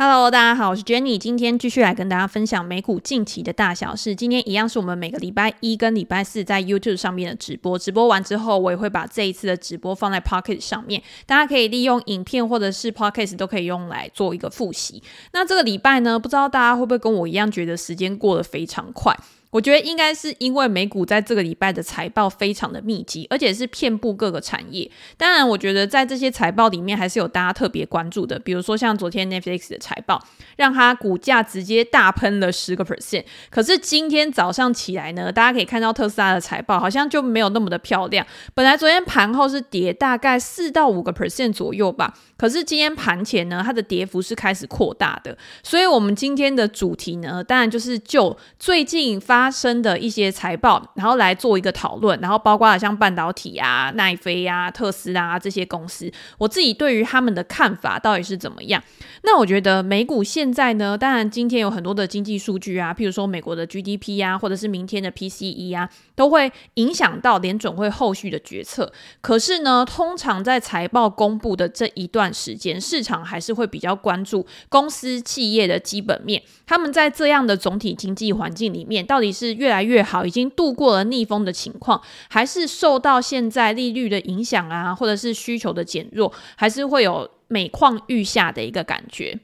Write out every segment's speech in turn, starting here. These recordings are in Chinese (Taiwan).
哈嘍，大家好，我是 Jenny，今天繼續來跟大家分享美股近期的大小事。今天一樣是我們每個禮拜一跟禮拜四在 YouTube 上面的直播，直播完之後我也會把這一次的直播放在 Podcast 上面，大家可以利用影片或者是 Podcast 都可以用來做一個複習。那這個禮拜呢，不知道大家會不會跟我一樣覺得時間過得非常快？我覺得應該是因為美股在這個禮拜的財報非常的密集，而且是遍佈各個產業。當然，我覺得在這些財報裡面還是有大家特別關注的，比如說像昨天 Netflix 的財報，讓它股價直接大噴了十個 percent。可是今天早上起來呢，大家可以看到特斯拉的財報好像就沒有那麼的漂亮。本來昨天盤後是跌大概四到五個 percent 左右吧，可是今天盤前呢，它的跌幅是開始擴大的。所以，我們今天的主題呢，當然就是就最近發。發生的一些財報，然後來做一個討論，然後包括了像半導體啊、奈飛啊、特斯拉啊、這些公司，我自己對於他們的看法到底是怎麼樣？那我覺得美股現在呢，當然今天有很多的經濟數據啊，譬如說美國的 GDP 啊，或者是明天的 PCE 啊，都會影響到聯準會後續的決策。可是呢，通常在財報公布的這一段時間，市場還是會比較關注公司企業的基本面，他們在這樣的總體經濟環境裡面到底。是越來越好，已經度過了逆風的情況，還是受到現在利率的影響啊，或者是需求的減弱，還是會有每況愈下的一個感覺？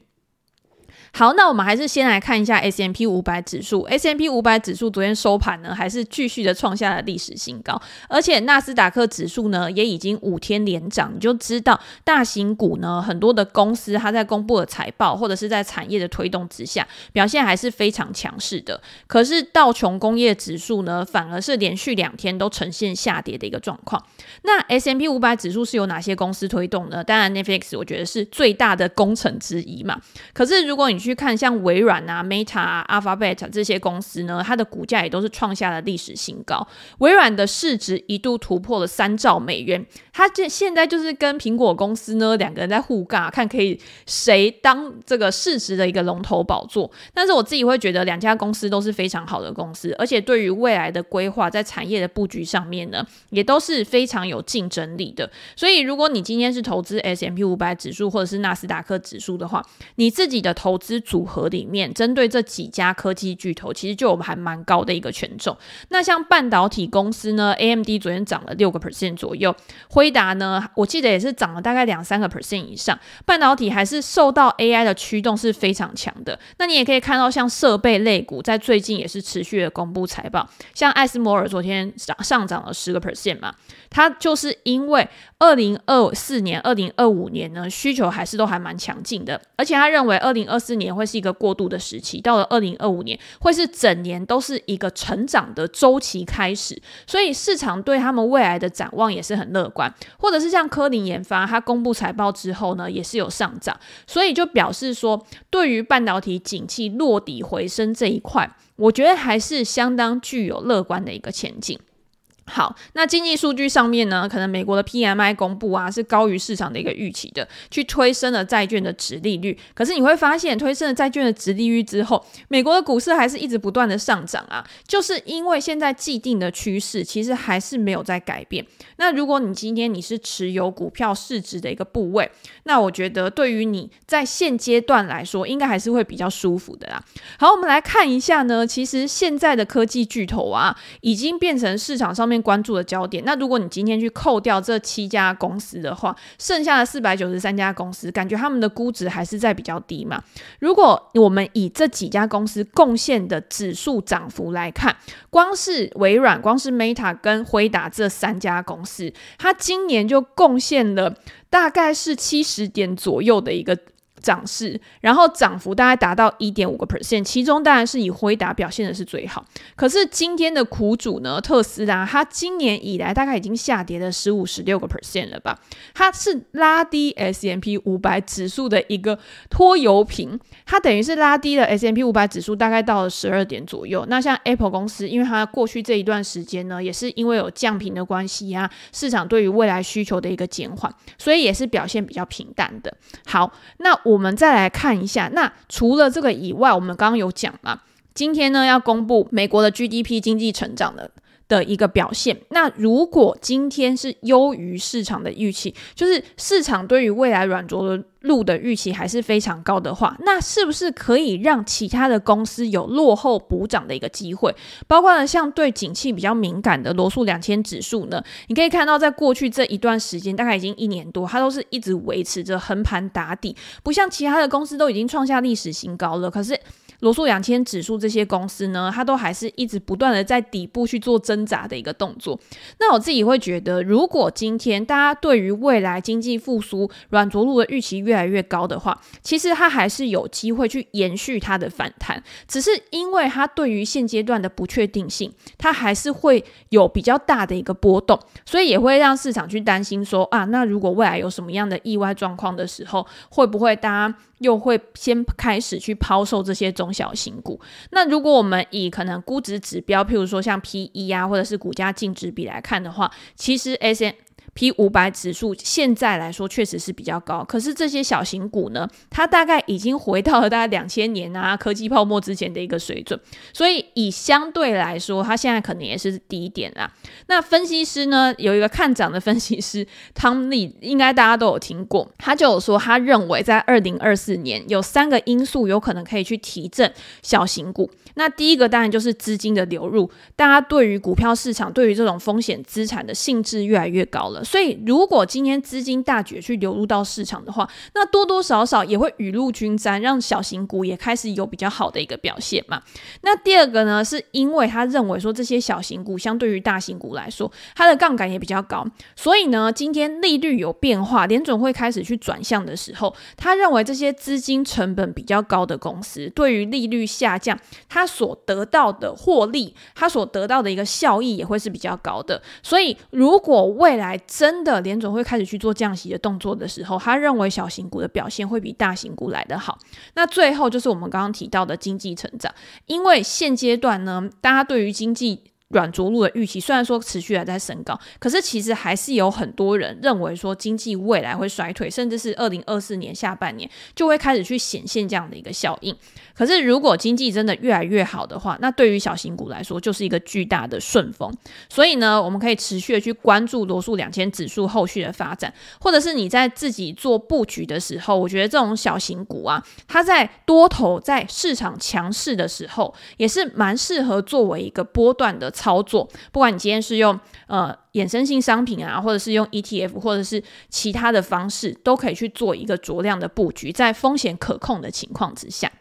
好，那我們還是先來看一下 S&P 500指數。S&P 500指數昨天收盤呢，還是繼續的創下了歷史新高。而且納斯達克指數呢，也已經五天連漲。你就知道，大型股呢，很多的公司它在公布的財報或者是在產業的推動之下，表現還是非常強勢的。可是道瓊工業指數呢，反而是連續兩天都呈現下跌的一個狀況。那 S&P 500指數是由哪些公司推動呢？當然，Netflix 我覺得是最大的功臣之一嘛。可是如果你去看像微軟啊、Meta 啊、Alphabet 啊，這些公司呢，它的股價也都是創下了歷史新高。微軟的市值一度突破了三兆美元，它這現在就是跟蘋果公司呢兩個人在互尬，看可以誰當這個市值的一個龍頭寶座。但是我自己會覺得兩家公司都是非常好的公司，而且對於未來的規劃，在產業的布局上面呢，也都是非常有競爭力的。所以如果你今天是投資 S&P 五百指數或者是納斯達克指數的話，你自己的投資。之組合裡面，針對這幾家科技巨頭，其實就我們還蠻高的一個權重。那像半導體公司呢，AMD 昨天漲了六個 percent 左右，輝達呢，我記得也是漲了大概兩三個 percent 以上。半導體還是受到 AI 的驅動是非常強的。那你也可以看到，像設備類股在最近也是持續的公布財報，像艾斯摩爾昨天漲上漲了十個 percent 嘛，它就是因為二零二四年、二零二五年呢需求還是都還蠻強勁的，而且他認為二零二四。年會是一個過渡的時期，到了二零二五年會是整年都是一個成長的周期開始，所以市場對他們未來的展望也是很樂觀，或者是像科林研發，它公布財報之後呢也是有上漲，所以就表示說對於半導體景氣落底回升這一塊，我覺得還是相當具有樂觀的一個前景。好，那經濟數據上面呢，可能美國的 PMI 公布啊，是高於市場的一個預期的，去推升了債券的殖利率。可是你會發現，推升了債券的殖利率之後，美國的股市還是一直不斷的上漲啊，就是因為現在既定的趨勢其實還是沒有在改變。那如果你今天你是持有股票市值的一個部位，那我覺得對於你在現階段來說，應該還是會比較舒服的啦。好，我們來看一下呢，其實現在的科技巨頭啊，已經變成市場上面。關注的焦點。那如果你今天去扣掉這七家公司的話，剩下的四百九十三家公司，感覺他們的估值還是在比較低嘛？如果我們以這幾家公司貢獻的指數漲幅來看，光是微軟、光是 Meta 跟輝達這三家公司，它今年就貢獻了大概是七十點左右的一個。漲勢，然後漲幅大概達到一點五個 percent，其中當然是以輝達表現的是最好。可是今天的苦主呢，特斯拉，它今年以來大概已經下跌了十五、十六個 percent 了吧？它是拉低 S&P 五百指數的一個拖油瓶，它等於是拉低了 S&P 五百指數，大概到了十二點左右。那像 Apple 公司，因為它過去這一段時間呢，也是因為有降頻的關係啊，市場對於未來需求的一個減緩，所以也是表現比較平淡的。好，那我。我們再來看一下，那除了這個以外，我們剛剛有講嘛，今天呢要公布美國的 GDP 經濟成長的的一個表現。那如果今天是優於市場的預期，就是市場對於未來軟着陸。路的預期還是非常高的話，那是不是可以讓其他的公司有落後補漲的一個機會？包括呢，像對景氣比較敏感的羅素兩千指數呢？你可以看到，在過去這一段時間，大概已經一年多，它都是一直維持着橫盤打底，不像其他的公司都已經創下歷史新高了。可是羅素兩千指數這些公司呢，它都還是一直不斷的在底部去做掙扎的一個動作。那我自己會覺得，如果今天大家對於未來經濟復甦軟着陸的預期越，越來越高的話，其實它還是有機會去延續它的反彈，只是因為它對於現階段的不確定性，它還是會有比較大的一個波動，所以也會讓市場去擔心說啊，那如果未來有什麼樣的意外狀況的時候，會不會大家又會先開始去拋售這些中小型股？那如果我們以可能估值指標，譬如說像 PE 啊，或者是股價淨值比來看的話，其實 S M。P 五百指數現在來說確實是比較高，可是這些小型股呢，它大概已經回到了大概兩千年啊科技泡沫，之前的一個水準，所以以相對來說，它現在可能也是低一點啦。那分析師呢，有一個看漲的分析師 Tom Lee 應該大家都有聽過，他就有說他認為在二零二四年有三個因素有可能可以去提振小型股。那第一個當然就是資金的流入，大家對於股票市場、對於這種風險資產的興致越來越高了。所以，如果今天資金大舉去流入到市場的話，那多多少少也會雨露均沾，讓小型股也開始有比較好的一個表現嘛。那第二個呢，是因為他認為說，這些小型股相對於大型股來說，它的槓桿也比較高。所以呢，今天利率有變化，聯準會開始去轉向的時候，他認為這些資金成本比較高的公司，對於利率下降，它所得到的獲利，它所得到的一個效益也會是比較高的。所以，如果未來真的，聯準會開始去做降息的動作的時候，他認為小型股的表現會比大型股來得好。那最後就是我們剛剛提到的經濟成長，因為現階段呢，大家對於經濟軟着陸的預期雖然說持續還在升高，可是其實還是有很多人認為說經濟未來會衰退，甚至是二零二四年下半年就會開始去顯現這樣的一個效應。可是如果經濟真的越來越好的話，那對於小型股來說就是一個巨大的順風。所以呢，我們可以持續的去關注羅素兩千指數後續的發展，或者是你在自己做佈局的時候，我覺得這種小型股啊，它在多頭在市場強勢的時候，也是蠻適合作為一個波段的操作，不管你今天是用呃衍生性商品啊，或者是用 ETF，或者是其他的方式，都可以去做一個酌量的布局，在風險可控的情況之下。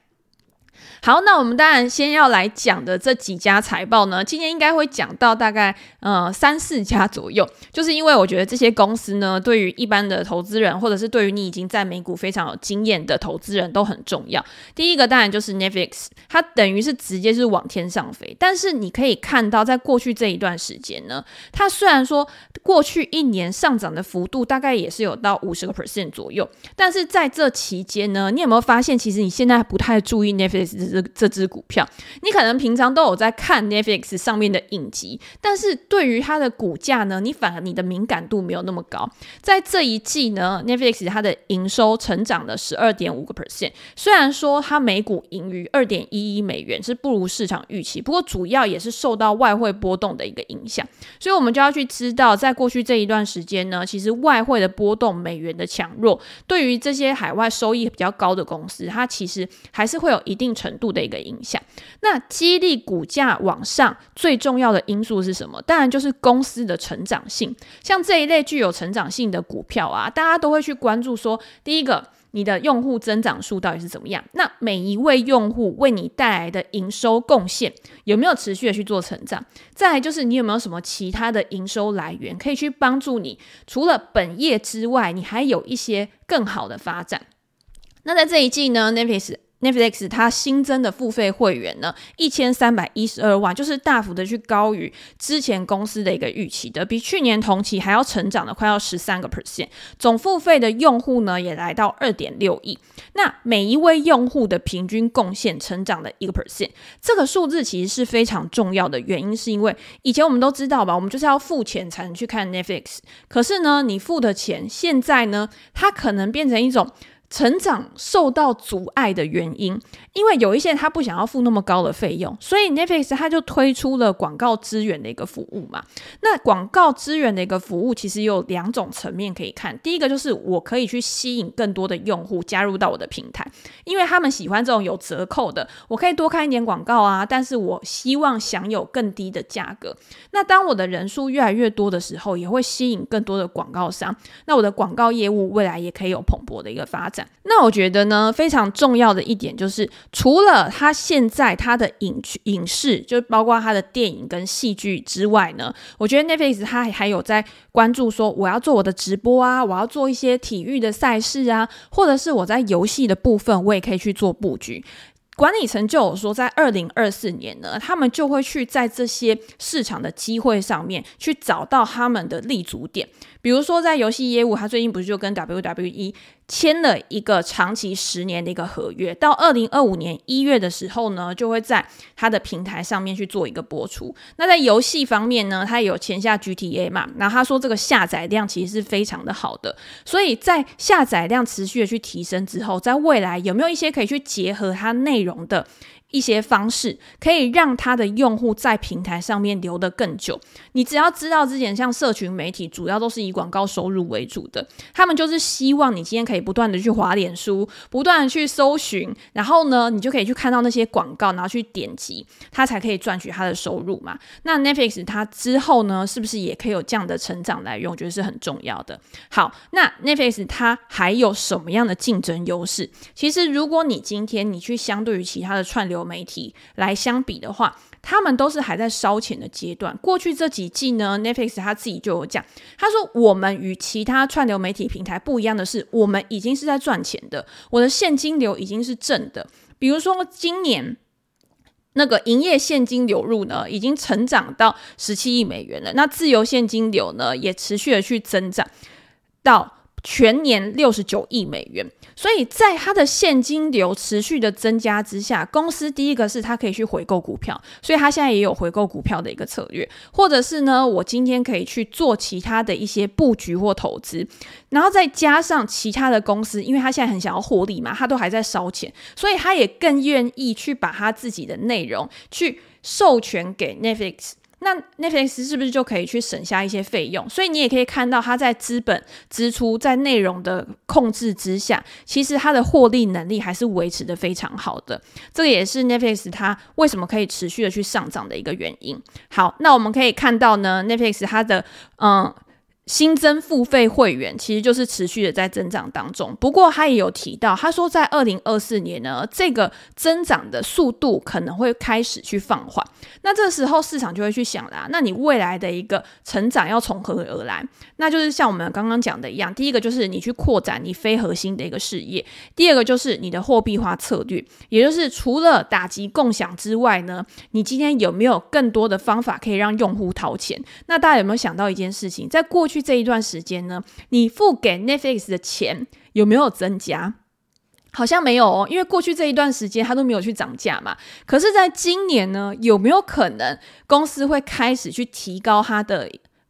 好，那我們當然先要來講的這幾家財報呢，今天應該會講到大概呃三四家左右，就是因為我覺得這些公司呢，對於一般的投資人，或者是對於你已經在美股非常有經驗的投資人都很重要。第一個當然就是 Netflix，它等於是直接是往天上飛。但是你可以看到，在過去這一段時間呢，它雖然說過去一年上漲的幅度大概也是有到五十個 percent 左右，但是在這期間呢，你有沒有發現，其實你現在不太注意 Netflix？這這隻股票，你可能平常都有在看 Netflix 上面的影集，但是對於它的股價呢，你反而你的敏感度沒有那麼高。在這一季呢，Netflix 它的營收成長了十二點五個 percent，雖然說它每股盈餘二點一一美元是不如市場預期，不過主要也是受到外匯波動的一個影響。所以，我們就要去知道，在過去這一段時間呢，其實外匯的波動、美元的強弱，對於這些海外收益比較高的公司，它其實還是會有一定程度度的一個影響。那激勵股價往上最重要的因素是什麼？當然就是公司的成長性。像這一類具有成長性的股票啊，大家都會去關注說：第一個，你的用戶增長數到底是怎麼樣？那每一位用戶為你帶來的營收貢獻有沒有持續的去做成長？再來就是你有沒有什麼其他的營收來源可以去幫助你？除了本業之外，你還有一些更好的發展？那在這一季呢 n a p i Netflix 它新增的付費會員呢，一千三百一十二萬，就是大幅的去高於之前公司的一個預期的，比去年同期還要成長了，快要十三個 percent。總付費的用戶呢，也來到二點六億，那每一位用戶的平均貢獻成長的一個 percent，這個數字其實是非常重要的，原因是因為以前我們都知道吧，我們就是要付錢才能去看 Netflix，可是呢，你付的錢現在呢，它可能變成一種。成長受到阻礙的原因，因為有一些他不想要付那麼高的費用，所以 Netflix 他就推出了廣告資源的一個服務嘛。那廣告資源的一個服務其實有兩種層面可以看，第一個就是我可以去吸引更多的用戶加入到我的平台，因為他們喜歡這種有折扣的，我可以多看一點廣告啊，但是我希望享有更低的價格。那當我的人數越來越多的時候，也會吸引更多的廣告商，那我的廣告業務未來也可以有蓬勃的一個發展。那我覺得呢，非常重要的一點就是，除了他現在他的影影視，就包括他的電影跟戲劇之外呢，我覺得 Netflix 他還，還有在關注說，我要做我的直播啊，我要做一些體育的賽事啊，或者是我在遊戲的部分，我也可以去做布局。管理層就有說，在二零二四年呢，他們就會去在這些市場的機會上面去找到他們的立足點。比如說，在遊戲業務，它最近不是就跟 WWE 簽了一個長期十年的一個合約，到二零二五年一月的時候呢，就會在它的平台上面去做一個播出。那在遊戲方面呢，它有簽下 GTA 嘛，然後他說這個下載量其實是非常的好的，所以在下載量持續的去提升之後，在未來有沒有一些可以去結合它內容的？一些方式可以讓他的用戶在平台上面留得更久。你只要知道之前像社群媒體主要都是以廣告收入為主的，他們就是希望你今天可以不斷的去滑臉書，不斷的去搜尋，然後呢，你就可以去看到那些廣告，然後去點擊，他才可以賺取他的收入嘛。那 Netflix 它之後呢，是不是也可以有這樣的成長來用？我覺得是很重要的。好，那 Netflix 它還有什麼樣的競爭優勢？其實如果你今天你去相對於其他的串流。流媒體來相比的話，他們都是還在燒錢的階段。過去這幾季呢，Netflix 他自己就有講，他說：“我們與其他串流媒體平台不一樣的是，我們已經是在賺錢的，我的現金流已經是正的。比如說今年那個營業現金流入呢，已經成長到十七億美元了。那自由現金流呢，也持續的去增長到。”全年六十九億美元，所以在他的現金流持續的增加之下，公司第一個是他可以去回購股票，所以他現在也有回購股票的一個策略，或者是呢，我今天可以去做其他的一些布局或投資，然後再加上其他的公司，因為他現在很想要獲利嘛，他都還在燒錢，所以他也更願意去把他自己的內容去授權給 Netflix。那 Netflix 是不是就可以去省下一些費用？所以你也可以看到，它在資本支出、在內容的控制之下，其實它的獲利能力還是維持得非常好的。這個也是 Netflix 它為什麼可以持續的去上漲的一個原因。好，那我們可以看到呢，Netflix 它的嗯。新增付費會員其實就是持續的在增長當中，不過他也有提到，他說在二零二四年呢，這個增長的速度可能會開始去放緩。那這個時候市場就會去想啦，那你未來的一個成長要從何而來？那就是像我們剛剛講的一樣，第一個就是你去擴展你非核心的一個事業，第二個就是你的貨幣化策略，也就是除了打擊共享之外呢，你今天有沒有更多的方法可以讓用戶掏錢？那大家有沒有想到一件事情，在過去？去這一段時間呢，你付給 Netflix 的錢有沒有增加？好像沒有哦，因為過去這一段時間它都沒有去漲價嘛。可是，在今年呢，有沒有可能公司會開始去提高它的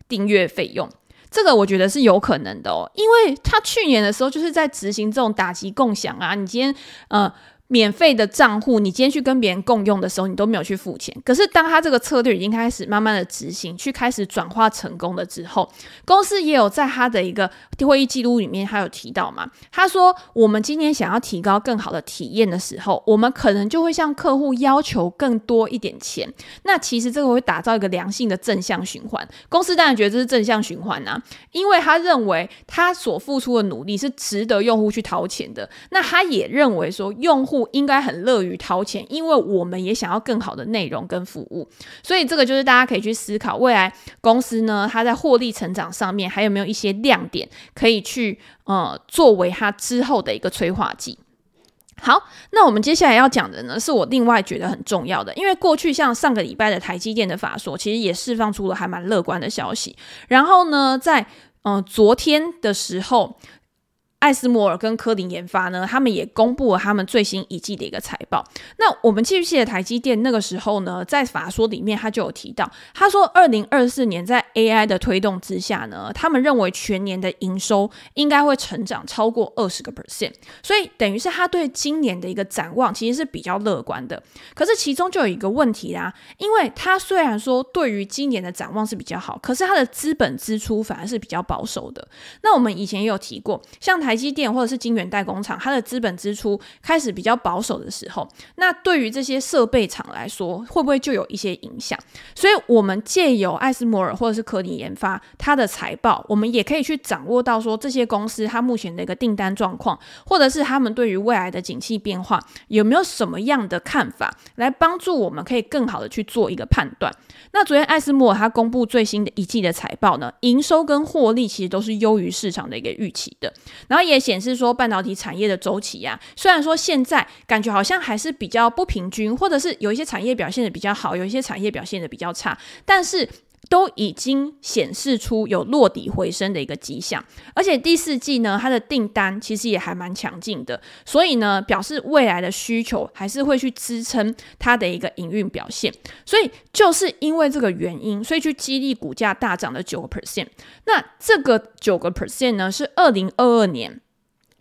訂閱費用？這個我覺得是有可能的哦，因為他去年的時候就是在執行這種打擊共享啊。你今天嗯。呃免費的賬戶，你今天去跟別人共用的時候，你都沒有去付錢。可是當他這個策略已經開始慢慢的執行，去開始轉化成功了之後，公司也有在他的一個會議記錄裡面，他有提到嘛。他說：“我們今天想要提高更好的體驗的時候，我們可能就會向客戶要求更多一點錢。”那其實這個會打造一個良性的正向循環。公司當然覺得這是正向循環啊，因為他認為他所付出的努力是值得用戶去掏錢的。那他也認為說用戶。應該很樂於掏錢，因為我們也想要更好的內容跟服務，所以這個就是大家可以去思考未來公司呢，它在獲利成長上面還有沒有一些亮點可以去呃作為它之後的一個催化劑。好，那我們接下來要講的呢，是我另外覺得很重要的，因為過去像上個禮拜的台積電的法說，其實也釋放出了還蠻樂觀的消息，然後呢，在嗯、呃、昨天的時候。艾斯摩爾跟科林研發呢，他們也公布了他們最新一季的一個財報。那我們記不記得台積電，那個時候呢，在法說裡面他就有提到，他說二零二四年在 AI 的推動之下呢，他們認為全年的營收應該會成長超過二十個 percent。所以等於是他對今年的一個展望其實是比較樂觀的。可是其中就有一個問題啦，因為他雖然說對於今年的展望是比較好，可是他的資本支出反而是比較保守的。那我們以前也有提過，像台台積電或者是晶圓代工廠，它的資本支出開始比較保守的時候，那對於這些設備廠來說，會不會就有一些影響？所以，我們借由艾斯摩爾或者是科林研發它的財報，我們也可以去掌握到說這些公司它目前的一個訂單狀況，或者是他們對於未來的景氣變化有沒有什麼樣的看法，來幫助我們可以更好的去做一個判斷。那昨天艾斯摩爾它公布最新的一季的財報呢，營收跟獲利其實都是優於市場的一個預期的。然後也顯示說，半導體產業的週期呀，雖然說現在感覺好像還是比較不平均，或者是有一些產業表現的比較好，有一些產業表現的比較差，但是，都已經顯示出有落底回升的一個跡象，而且第四季呢，它的訂單其實也還蠻強勁的，所以呢，表示未來的需求還是會去支撐它的一個營運表現，所以就是因為這個原因，所以去激勵股價大漲的九個 percent。那這個九個 percent 呢，是二零二二年。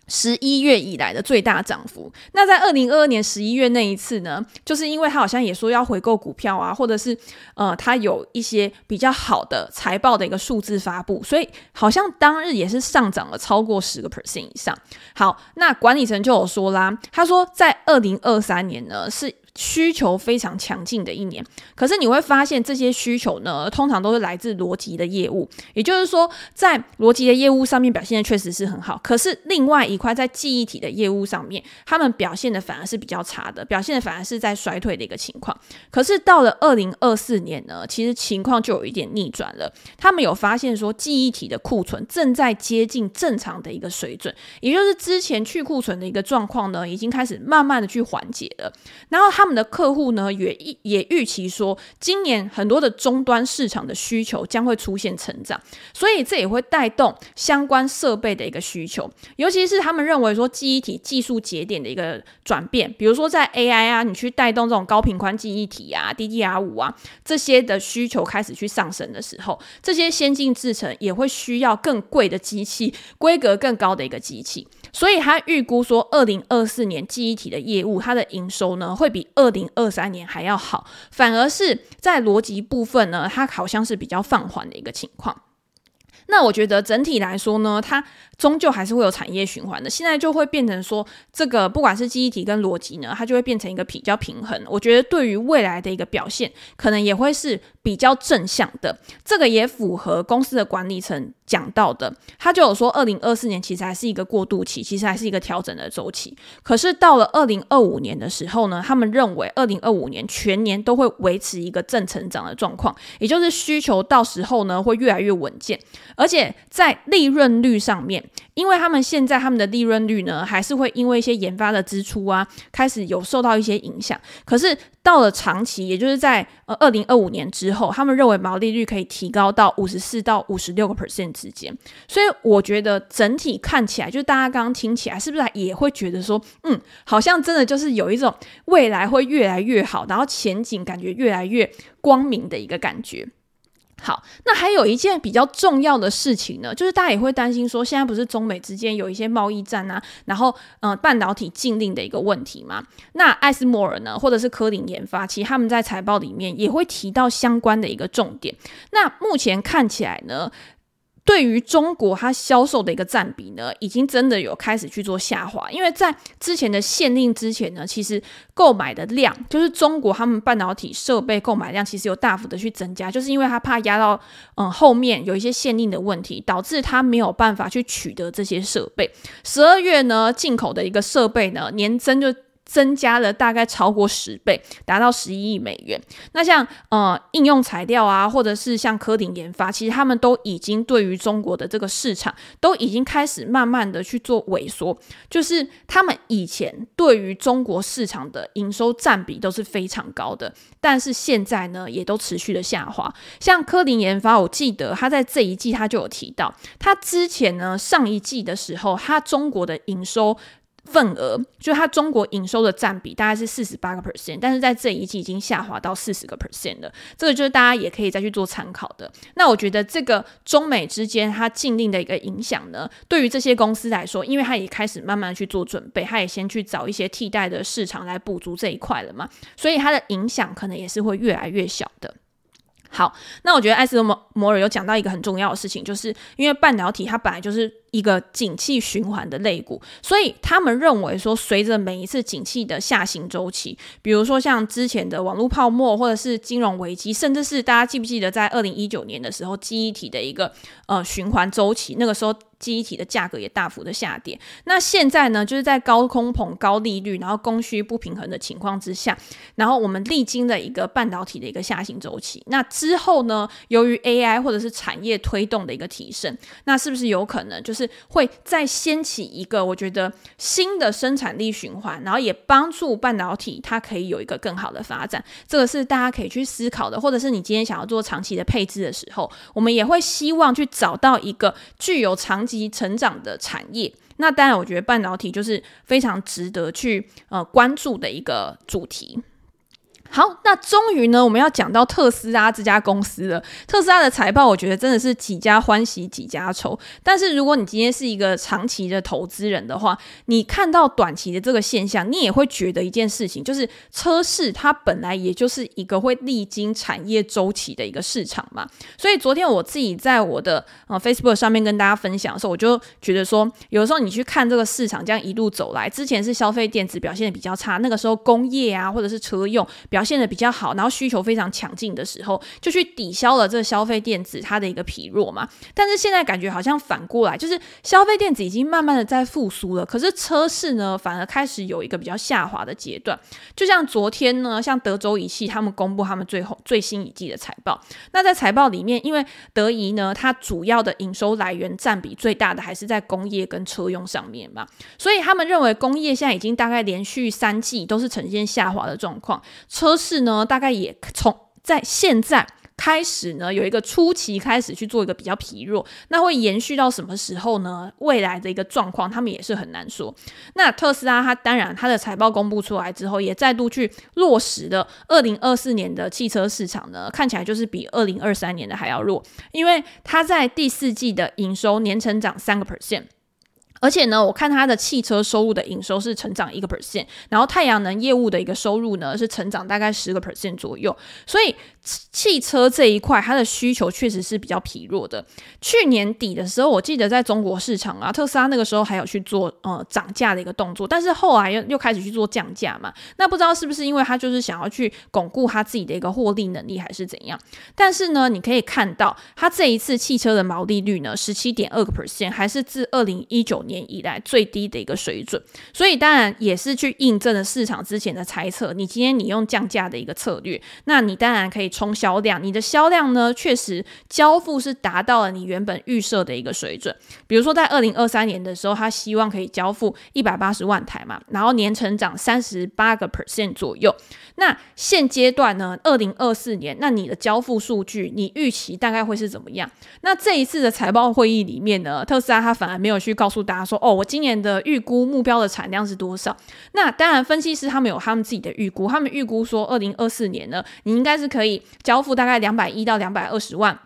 十一月以來的最大漲幅。那在二零二二年十一月那一次呢，就是因為他好像也說要回購股票啊，或者是呃，他有一些比較好的財報的一個數字發布，所以好像當日也是上漲了超過十個 percent 以上。好，那管理層就有說啦，他說在二零二三年呢是。需求非常強勁的一年，可是你會發現這些需求呢，通常都是來自邏輯的業務，也就是說，在邏輯的業務上面表現的確實是很好，可是另外一塊在記憶體的業務上面，他們表現的反而是比較差的，表現的反而是在衰退的一個情況。可是到了二零二四年呢，其實情況就有一點逆轉了，他們有發現說記憶體的庫存正在接近正常的一個水準，也就是之前去庫存的一個狀況呢，已經開始慢慢的去緩解了，然後他。他們的客戶呢也預也預期說，今年很多的終端市場的需求將會出現成長，所以這也會帶動相關設備的一個需求，尤其是他們認為說記憶體技術節點的一個轉變，比如說在 AI 啊，你去帶動這種高頻寬記憶體啊、DDR5 啊這些的需求開始去上升的時候，這些先進製程也會需要更貴的機器，規格更高的一個機器。所以，他預估說，二零二四年記憶體的業務，它的營收呢，會比二零二三年還要好，反而是在邏輯部分呢，它好像是比較放緩的一個情況。那我覺得整體來說呢，它終究還是會有產業循環的。現在就會變成說，這個不管是記憶體跟邏輯呢，它就會變成一個比較平衡。我覺得對於未來的一個表現，可能也會是。比較正向的，這個也符合公司的管理層講到的，他就有說，二零二四年其實還是一個過渡期，其實還是一個調整的周期。可是到了二零二五年的時候呢，他們認為二零二五年全年都會維持一個正成長的狀況，也就是需求到時候呢會越來越穩健，而且在利潤率上面。因為他們現在他們的利潤率呢，還是會因為一些研發的支出啊，開始有受到一些影響。可是到了長期，也就是在呃二零二五年之後，他們認為毛利率可以提高到五十四到五十六個 percent 之間。所以我覺得整體看起來，就是大家剛剛聽起來，是不是也會覺得說，嗯，好像真的就是有一種未來會越來越好，然後前景感覺越來越光明的一個感覺。好，那還有一件比較重要的事情呢，就是大家也會擔心說，現在不是中美之間有一些貿易戰啊，然後嗯、呃，半導體禁令的一個問題嗎？那艾斯摩爾呢，或者是科林研發，其實他們在財報裡面也會提到相關的一個重點。那目前看起來呢？對於中國，它銷售的一個占比呢，已經真的有開始去做下滑。因為在之前的限令之前呢，其實購買的量，就是中國他們半導體設備購買量，其實有大幅的去增加，就是因為他怕壓到，嗯，後面有一些限令的問題，導致他沒有辦法去取得這些設備。十二月呢，進口的一個設備呢，年增就。增加了大概超過十倍，達到十一億美元。那像呃應用材料啊，或者是像科林研發，其實他們都已經對於中國的這個市場，都已經開始慢慢的去做萎縮。就是他們以前對於中國市場的營收占比都是非常高的，但是現在呢，也都持續的下滑。像科林研發，我記得他在這一季他就有提到，他之前呢上一季的時候，他中國的營收。份額，就它中國營收的佔比大概是四十八個 percent，但是在這一季已經下滑到四十個 percent 了。這個就是大家也可以再去做參考的。那我覺得這個中美之間它禁令的一個影響呢，對於這些公司來說，因為它也開始慢慢去做準備，它也先去找一些替代的市場來補足這一塊了嘛，所以它的影響可能也是會越來越小的。好，那我覺得艾斯摩摩爾有講到一個很重要的事情，就是因為半導體它本來就是。一個景氣循環的類股，所以他們認為說，隨着每一次景氣的下行周期，比如說像之前的網絡泡沫，或者是金融危機，甚至是大家記不記得在二零一九年的時候，記憶體的一個呃循環周期，那個時候記憶體的價格也大幅的下跌。那現在呢，就是在高通膨、高利率，然後供需不平衡的情況之下，然後我們歷經了一個半導體的一個下行周期，那之後呢，由於 AI 或者是產業推動的一個提升，那是不是有可能就是？會再掀起一個，我覺得新的生產力循環，然後也幫助半導體它可以有一個更好的發展。這個是大家可以去思考的，或者是你今天想要做長期的配置的時候，我們也會希望去找到一個具有長期成長的產業。那當然，我覺得半導體就是非常值得去呃關注的一個主題。好，那終於呢，我們要講到特斯拉這家公司了。特斯拉的財報，我覺得真的是幾家歡喜幾家愁。但是如果你今天是一個長期的投資人的話，你看到短期的這個現象，你也會覺得一件事情，就是車市它本來也就是一個會歷經產業週期的一個市場嘛。所以昨天我自己在我的呃、啊、Facebook 上面跟大家分享的時候，我就覺得說，有時候你去看這個市場這樣一路走來，之前是消費電子表現的比較差，那個時候工業啊或者是車用表。表現得比較好，然後需求非常強勁的時候，就去抵消了這個消費電子它的一個疲弱嘛。但是現在感覺好像反過來，就是消費電子已經慢慢的在復甦了，可是車市呢反而開始有一個比較下滑的階段。就像昨天呢，像德州儀器他們公布他們最後最新一季的財報。那在財報裡面，因為德儀呢，它主要的營收來源占比最大的還是在工業跟車用上面嘛，所以他們認為工業現在已經大概連續三季都是呈現下滑的狀況，車。特斯呢，大概也從在現在開始呢，有一個初期開始去做一個比較疲弱，那會延續到什麼時候呢？未來的一個狀況，他們也是很難說。那特斯拉，它當然它的財報公布出來之後，也再度去落實了，二零二四年的汽車市場呢，看起來就是比二零二三年的還要弱，因為它在第四季的營收年成長三個 percent。而且呢，我看它的汽車收入的營收是成長一個 percent，然後太陽能業務的一個收入呢，是成長大概十個 percent 左右，所以。汽車這一塊，它的需求確實是比較疲弱的。去年底的時候，我記得在中國市場啊，特斯拉那個時候還有去做呃漲價的一個動作，但是後來又又開始去做降價嘛。那不知道是不是因為他就是想要去鞏固他自己的一個獲利能力，還是怎樣？但是呢，你可以看到，它這一次汽車的毛利率呢，十七點二個 percent，還是自二零一九年以來最低的一個水準。所以當然也是去印證了市場之前的猜測。你今天你用降價的一個策略，那你當然可以。從銷量，你的銷量呢？確實交付是達到了你原本預設的一個水準。比如說在二零二三年的時候，他希望可以交付一百八十萬台嘛，然後年成長三十八個 percent 左右。那現階段呢，二零二四年，那你的交付數據，你預期大概會是怎麼樣？那這一次的財報會議裡面呢，特斯拉他反而沒有去告訴大家說，哦，我今年的預估目標的產量是多少？那當然，分析師他們有他們自己的預估，他們預估說二零二四年呢，你應該是可以。交付大概兩百一到兩百二十萬，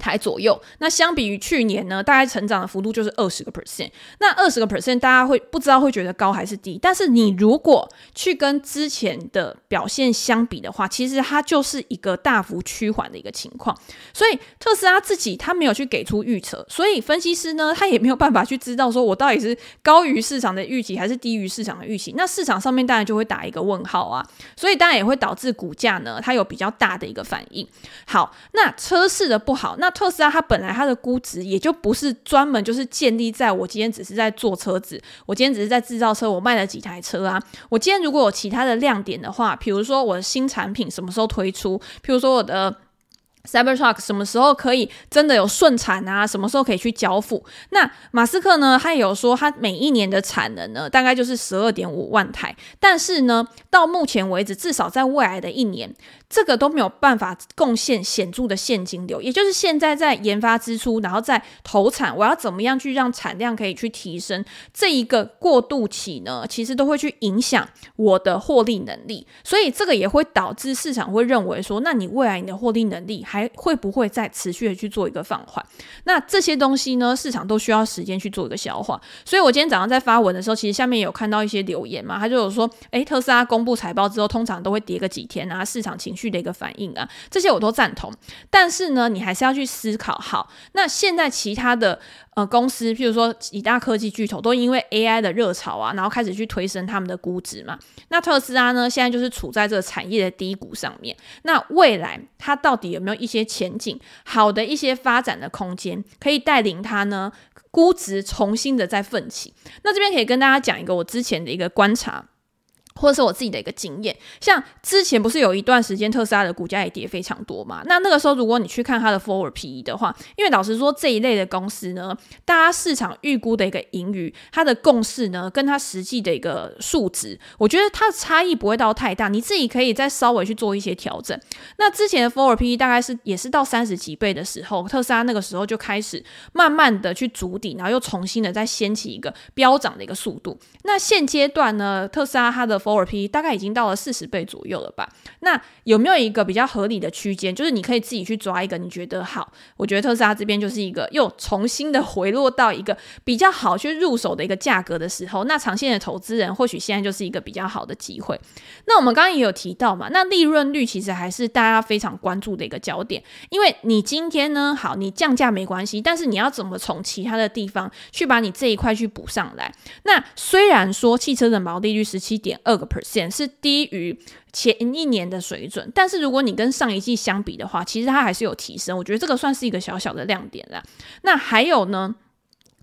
台左右，那相比於去年呢，大概成長的幅度就是二十個 percent。那二十個 percent，大家會不知道會覺得高還是低？但是你如果去跟之前的表現相比的話，其實它就是一個大幅趨緩的一個情況。所以特斯拉自己他沒有去給出預測，所以分析師呢，他也沒有辦法去知道說我到底是高於市場的預期還是低於市場的預期。那市場上面當然就會打一個問號啊，所以當然也會導致股價呢，它有比較大的一個反應。好，那車市的不好。那特斯拉它本來它的估值也就不是專門就是建立在我今天只是在做車子，我今天只是在製造車，我賣了幾台車啊，我今天如果有其他的亮點的話，譬如說我的新產品什麼時候推出，譬如說我的 Cybertruck 什麼時候可以真的有順產啊，什麼時候可以去交付？那馬斯克呢，他也有說他每一年的產能呢，大概就是十二點五萬台，但是呢，到目前為止，至少在未來的一年，這個都沒有辦法貢獻顯著的現金流，也就是現在在研發支出，然後在投產，我要怎麼樣去讓產量可以去提升？這一個過渡期呢，其實都會去影響我的獲利能力，所以這個也會導致市場會認為說，那你未來你的獲利能力還會不會再持續的去做一個放緩？那這些東西呢，市場都需要時間去做一個消化。所以我今天早上在發文的時候，其實下面有看到一些留言嘛，他就有說，誒，特斯拉公布財報之後，通常都會跌個幾天啊，然後市場情緒。劇的一個反應啊，這些我都贊同。但是呢，你還是要去思考好。那現在其他的呃公司，譬如說幾大科技巨頭，都因為 AI 的熱潮啊，然後開始去推升他們的估值嘛。那特斯拉呢，現在就是處在這個產業的低谷上面。那未來它到底有沒有一些前景、好的一些發展的空間，可以帶領它呢，估值重新的再奮起？那這邊可以跟大家講一個我之前的一個觀察。或者是我自己的一個經驗，像之前不是有一段時間特斯拉的股價也跌非常多嘛？那那個時候如果你去看它的 forward PE 的話，因為老實說這一類的公司呢，大家市場預估的一個盈餘，它的共識呢，跟它實際的一個數值，我覺得它的差異不會到太大。你自己可以再稍微去做一些調整。那之前的 forward PE 大概是也是到三十幾倍的時候，特斯拉那個時候就開始慢慢的去築底，然後又重新的再掀起一個飆漲的一個速度。那現階段呢，特斯拉它的 four P 大概已經到了四十倍左右了吧？那有沒有一個比較合理的區間？就是你可以自己去抓一個你覺得好。我覺得特斯拉這邊就是一個又重新的回落到一個比較好去入手的一個價格的時候，那長線的投資人或許現在就是一個比較好的機會。那我們剛剛也有提到嘛，那利潤率其實還是大家非常關注的一個焦點。因為你今天呢，好，你降價沒關係，但是你要怎麼從其他的地方去把你這一塊去補上來？那雖然說汽車的毛利率十七點二。個 percent 是低於前一年的水準，但是如果你跟上一季相比的話，其實它還是有提升。我覺得這個算是一個小小的亮點啦。那還有呢，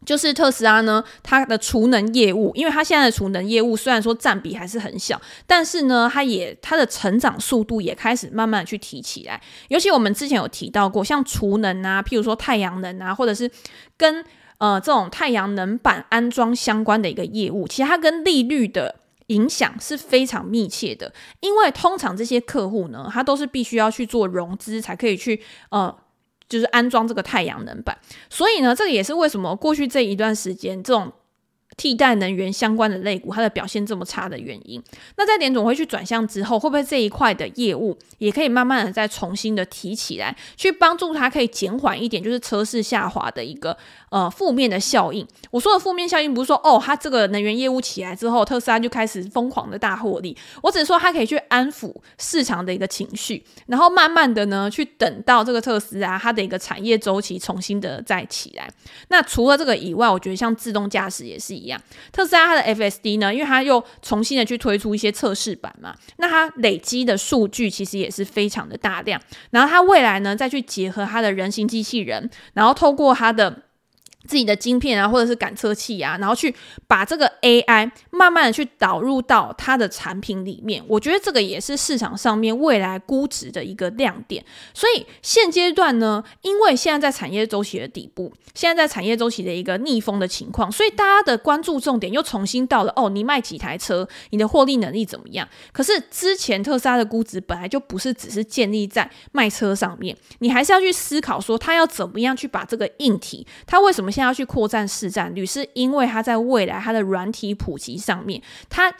就是特斯拉呢，它的儲能業務，因為它現在的儲能業務雖然說佔比還是很小，但是呢，它也它的成長速度也開始慢慢去提起來。尤其我們之前有提到過，像儲能啊，譬如說太陽能啊，或者是跟呃這種太陽能板安裝相關的一個業務，其實它跟利率的。影響是非常密切的，因為通常這些客戶呢，他都是必須要去做融資才可以去，呃，就是安裝這個太陽能板。所以呢，這個也是為什麼過去這一段時間這種。替代能源相關的類股，它的表現這麼差的原因？那在聯準會去轉向之後，會不會這一塊的業務也可以慢慢的再重新的提起來，去幫助它可以減緩一點，就是車市下滑的一個呃負面的效應。我說的負面效應不是說哦，它這個能源業務起來之後，特斯拉就開始瘋狂的大獲利。我只是說它可以去安撫市場的一個情緒，然後慢慢的呢，去等到這個特斯拉它的一個產業周期重新的再起來。那除了這個以外，我覺得像自動駕駛也是一。特斯拉它的 FSD 呢，因為它又重新的去推出一些測試版嘛，那它累積的數據其實也是非常的大量，然後它未來呢，再去結合它的人形機器人，然後透過它的。自己的晶片啊，或者是感測器啊，然後去把這個 AI 慢慢的去導入到它的產品裡面。我覺得這個也是市場上面未來估值的一個亮點。所以現階段呢，因為現在在產業周期的底部，現在在產業周期的一個逆風的情況，所以大家的關注重點又重新到了哦，你賣幾台車，你的獲利能力怎麼樣？可是之前特斯拉的估值本來就不是只是建立在賣車上面，你還是要去思考說，他要怎麼樣去把這個硬體，他為什麼？現在要去擴展市占率，是因為他在未來他的軟體普及上面，他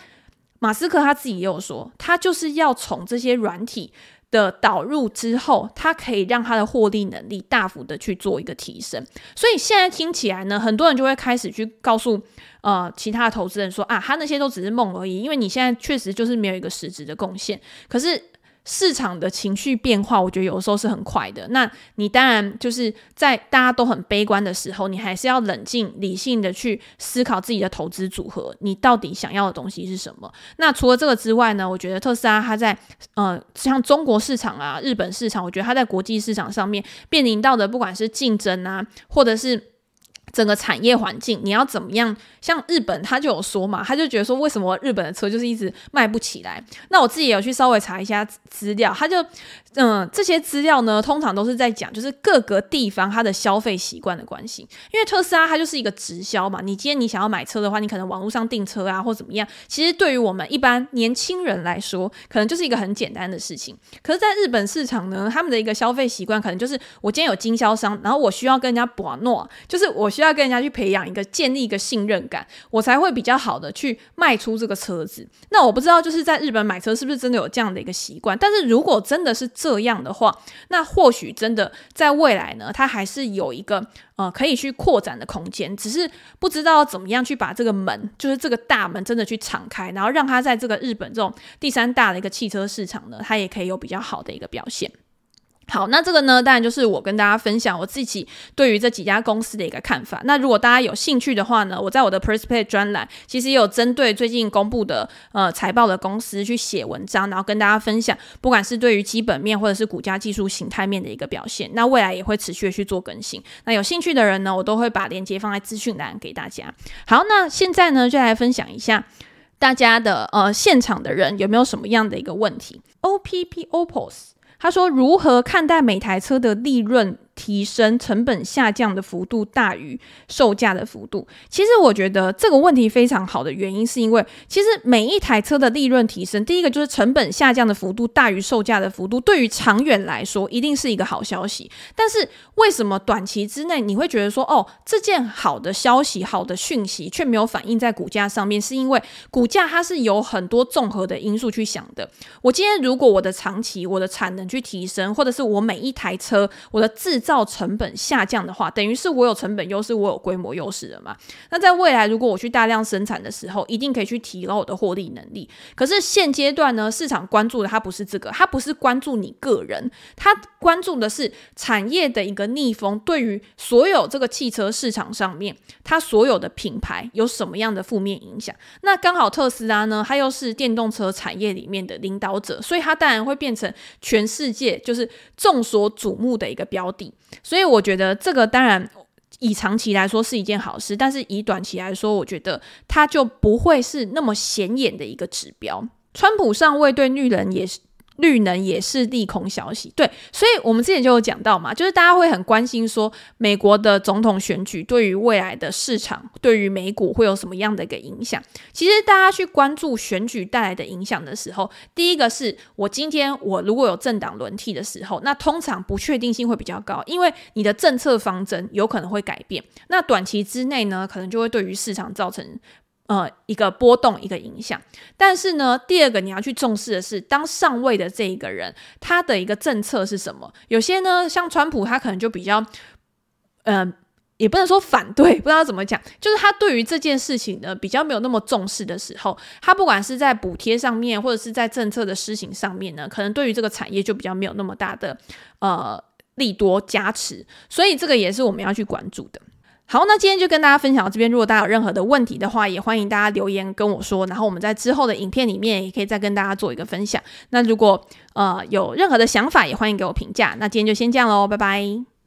馬斯克他自己也有說，他就是要從這些軟體的導入之後，他可以讓他的獲利能力大幅的去做一個提升。所以現在聽起來呢，很多人就會開始去告訴呃其他的投資人說啊，他那些都只是夢而已，因為你現在確實就是沒有一個實質的貢獻。可是市場的情緒變化，我覺得有時候是很快的。那你當然就是在大家都很悲觀的時候，你還是要冷靜理性的去思考自己的投資組合，你到底想要的東西是什麼。那除了這個之外呢，我覺得特斯拉它在呃，像中國市場啊、日本市場，我覺得它在國際市場上面面臨到的，不管是競爭啊，或者是。整個產業環境，你要怎麼樣？像日本，他就有說嘛，他就覺得說，為什麼日本的車就是一直賣不起來？那我自己也有去稍微查一下資料，他就。嗯，這些資料呢，通常都是在講，就是各個地方它的消費習慣的關係。因為特斯拉它就是一個直銷嘛，你今天你想要買車的話，你可能網絡上訂車啊，或怎麼樣。其實對於我們一般年輕人來說，可能就是一個很簡單的事情。可是，在日本市場呢，他們的一個消費習慣可能就是，我今天有經銷商，然後我需要跟人家博諾，就是我需要跟人家去培養一個、建立一個信任感，我才會比較好的去賣出這個車子。那我不知道，就是在日本買車是不是真的有這樣的一個習慣？但是如果真的是，這樣的話，那或許真的在未來呢，它還是有一個呃可以去擴展的空間，只是不知道怎麼樣去把這個門，就是這個大門真的去敞開，然後讓它在這個日本這種第三大的一個汽車市場呢，它也可以有比較好的一個表現。好，那這個呢，當然就是我跟大家分享我自己對於這幾家公司的一個看法。那如果大家有興趣的話呢，我在我的 Perspective 專欄其實也有針對最近公布的呃財報的公司去寫文章，然後跟大家分享，不管是對於基本面或者是股價技術形態面的一個表現，那未來也會持續的去做更新。那有興趣的人呢，我都會把鏈接放在資訊欄給大家。好，那現在呢，就來分享一下大家的呃現場的人有沒有什麼樣的一個問題？OPPOs。OPP 他說，如何看待每台車的利潤？提升成本下降的幅度大於售價的幅度，其實我覺得這個問題非常好的原因，是因為其實每一台車的利潤提升，第一個就是成本下降的幅度大於售價的幅度，對於長遠來說一定是一個好消息。但是為什麼短期之內你會覺得說，哦，這件好的消息、好的訊息卻沒有反映在股價上面，是因為股價它是有很多綜合的因素去想的。我今天如果我的長期我的產能去提升，或者是我每一台車我的自造成本下降的話，等於是我有成本優勢，我有規模優勢了嘛。那在未來，如果我去大量生產的時候，一定可以去提高我的獲利能力。可是現階段呢，市場關注的它不是這個，它不是關注你個人，它關注的是產業的一個逆風。對於所有這個汽車市場上面，它所有的品牌有什麼樣的負面影響？那剛好特斯拉呢，它又是電動車產業裡面的領導者，所以它當然會變成全世界就是眾所矚目的一個標的。所以我覺得這個當然以長期來說是一件好事，但是以短期來說，我覺得它就不會是那麼顯眼的一個指標。川普上位對綠人也是。綠能也是利空消息，對，所以我們之前就有講到嘛，就是大家會很關心說美國的總統選舉對於未來的市場，對於美股會有什麼樣的一個影響。其實大家去關注選舉帶來的影響的時候，第一個是我今天我如果有政黨輪替的時候，那通常不確定性會比較高，因為你的政策方針有可能會改變，那短期之內呢，可能就會對於市場造成。呃，一個波動，一個影響。但是呢，第二個你要去重視的是，當上位的這一個人他的一個政策是什麼？有些呢，像川普，他可能就比較，嗯、呃，也不能說反對，不知道怎麼講，就是他對於這件事情呢，比較沒有那麼重視的時候，他不管是在補貼上面，或者是在政策的施行上面呢，可能對於這個產業就比較沒有那麼大的呃利多加持，所以這個也是我們要去關注的。好，那今天就跟大家分享到這邊。如果大家有任何的問題的話，也歡迎大家留言跟我說。然後我們在之後的影片裡面也可以再跟大家做一個分享。那如果，呃，有任何的想法，也歡迎給我評價。那今天就先這樣嘍，拜拜。